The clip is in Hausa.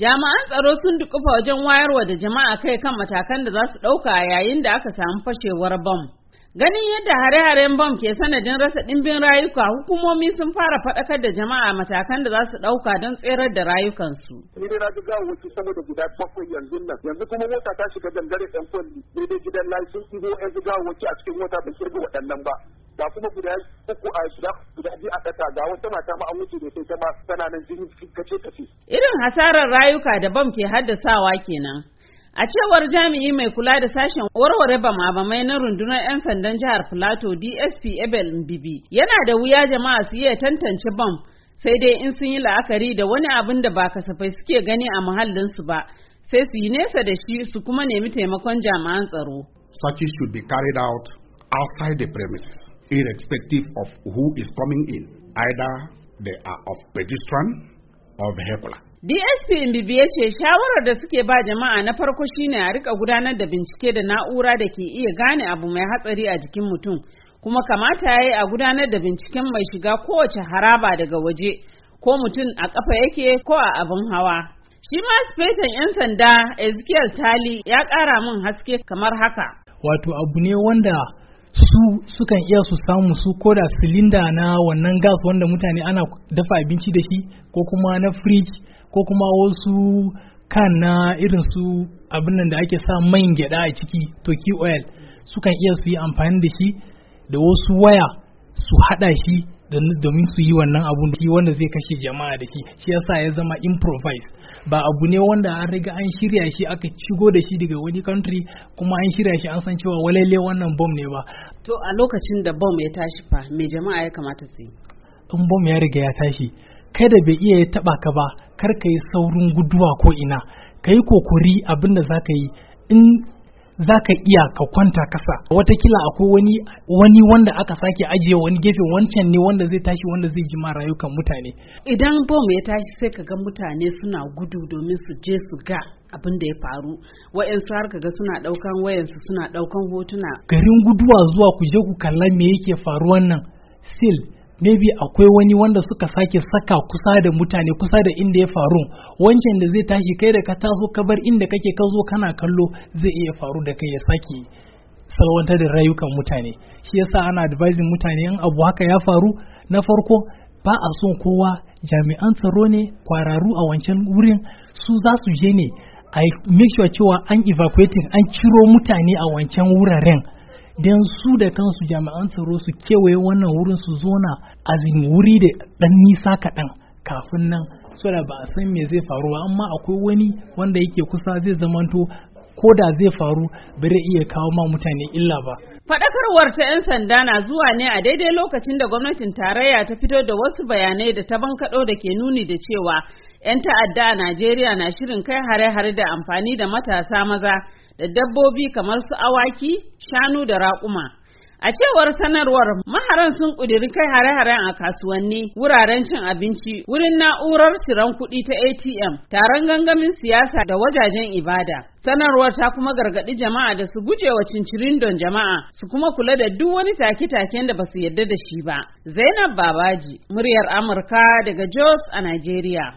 Jami'an tsaro sun dukufa wajen wayarwa da jama'a kai kan matakan da za su ɗauka yayin da aka samu fashewar bom. Ganin yadda hare-haren bom ke sanadin rasa ɗimbin rayuka, hukumomi sun fara faɗakar da jama'a matakan da za su ɗauka don tserar da rayukansu. Ni dai na ji gawo wuce sama da guda bakwai yanzu nan, yanzu kuma mota ta shiga gangare ɗan kwalli, daidai gidan layi sun ɗigo yanzu gawo wuce a cikin mota bai kirga waɗannan ba. ga kuma guda uku a guda guda biyu a ƙasa ga wata mata ma an wuce da sai ta tana nan jini kace kace irin hasarar rayuka da bam ke haddasawa kenan A cewar jami'i mai kula da sashen warware bama-bamai na rundunar 'yan sandan jihar Filato DSP Ebel Mbibi yana da wuya jama'a su iya tantance bam sai dai in sun yi la'akari da wani abin da ba kasafai suke gani a muhallinsu ba sai su yi nesa da shi su kuma nemi taimakon jami'an tsaro. Searches should be carried out outside the premises. irrespective of who is coming in, either they are of pedestrian or vehicular. DSP Mbibi ya ce shawarar da suke ba jama'a na farko shine a rika gudanar da bincike da na'ura da ke iya gane abu mai hatsari a jikin mutum, kuma kamata ya yi a gudanar da binciken mai shiga kowace haraba daga waje, ko mutum a ƙafa yake ko a abin hawa. Shi ma sufetan 'yan sanda Ezekiel Tali ya ƙara min haske kamar haka. Wato abu ne wanda su sukan iya su samu su koda silinda na wannan gas wanda mutane ana dafa abinci da shi ko kuma na fridge ko kuma wasu kan na irin su abin da ake sa man gyada a ciki toki oil sukan iya su yi amfani da shi da wasu waya su hada shi domin su yi wannan abun da shi wanda zai kashe jama'a da shi shi yasa ya zama improvise ba abu ne wanda an riga an shirya shi aka shigo da shi daga wani country kuma an shirya shi an san cewa walalle wannan bom ne ba To a lokacin da bom ya tashi fa me jama'a ya kamata su yi? In bom ya riga ya tashi, kada bai iya ya taba ka ba, kar ka yi saurin guduwa ko ina, ka yi kokori abin da za ka yi in za ka iya ka kwanta kasa watakila akwai wani wani wanda aka sake ajiye wani gefe wancan ne wanda zai tashi wanda zai ji rayukan mutane idan bom ya tashi sai ka ga mutane suna gudu domin su je su ga abin da ya faru wa'yansu har ka ga suna daukan wayansu suna daukan hotuna garin guduwa zuwa ku je ku kalla me yake faruwan nan sil maybe akwai wani wanda suka sake saka kusa da mutane kusa da inda ya faru wancan da zai tashi kai da ka taso ka bar inda kake ka zo kana kallo zai iya faru da kai ya sake salwantar da rayukan mutane shi yasa ana advising mutane in abu haka ya faru na farko ba a son kowa jami'an tsaro ne kwararu a wancan wurin su za su je ne a make sure cewa an evacuating an ciro mutane a wancan wuraren don su da kansu jami'an tsaro su kewaye wannan wurin su zo na azin wuri da ɗan nisa kaɗan kafin nan so ba a san me zai faru ba amma akwai wani wanda yake kusa zai zamanto ko da zai faru bai iya kawo ma mutane illa ba. Faɗakarwar ta 'yan sanda na zuwa ne a daidai lokacin da gwamnatin tarayya ta fito da wasu bayanai da ta bankaɗo da ke nuni da cewa 'yan ta'adda a Najeriya na shirin kai hare-hare da amfani da matasa maza da dabbobi kamar su awaki, shanu da raƙuma. A cewar sanarwar maharan sun ƙudiri kai hare-haren a kasuwanni, wuraren cin abinci, wurin na'urar siran kuɗi ta ATM, taron gangamin siyasa da wajajen ibada. Sanarwar ta kuma gargaɗi jama'a da su guje wa cincirindon jama'a su kuma kula da duk wani take-taken da ba su yarda da shi ba. Zainab Babaji, muryar Amurka daga Jos a Najeriya.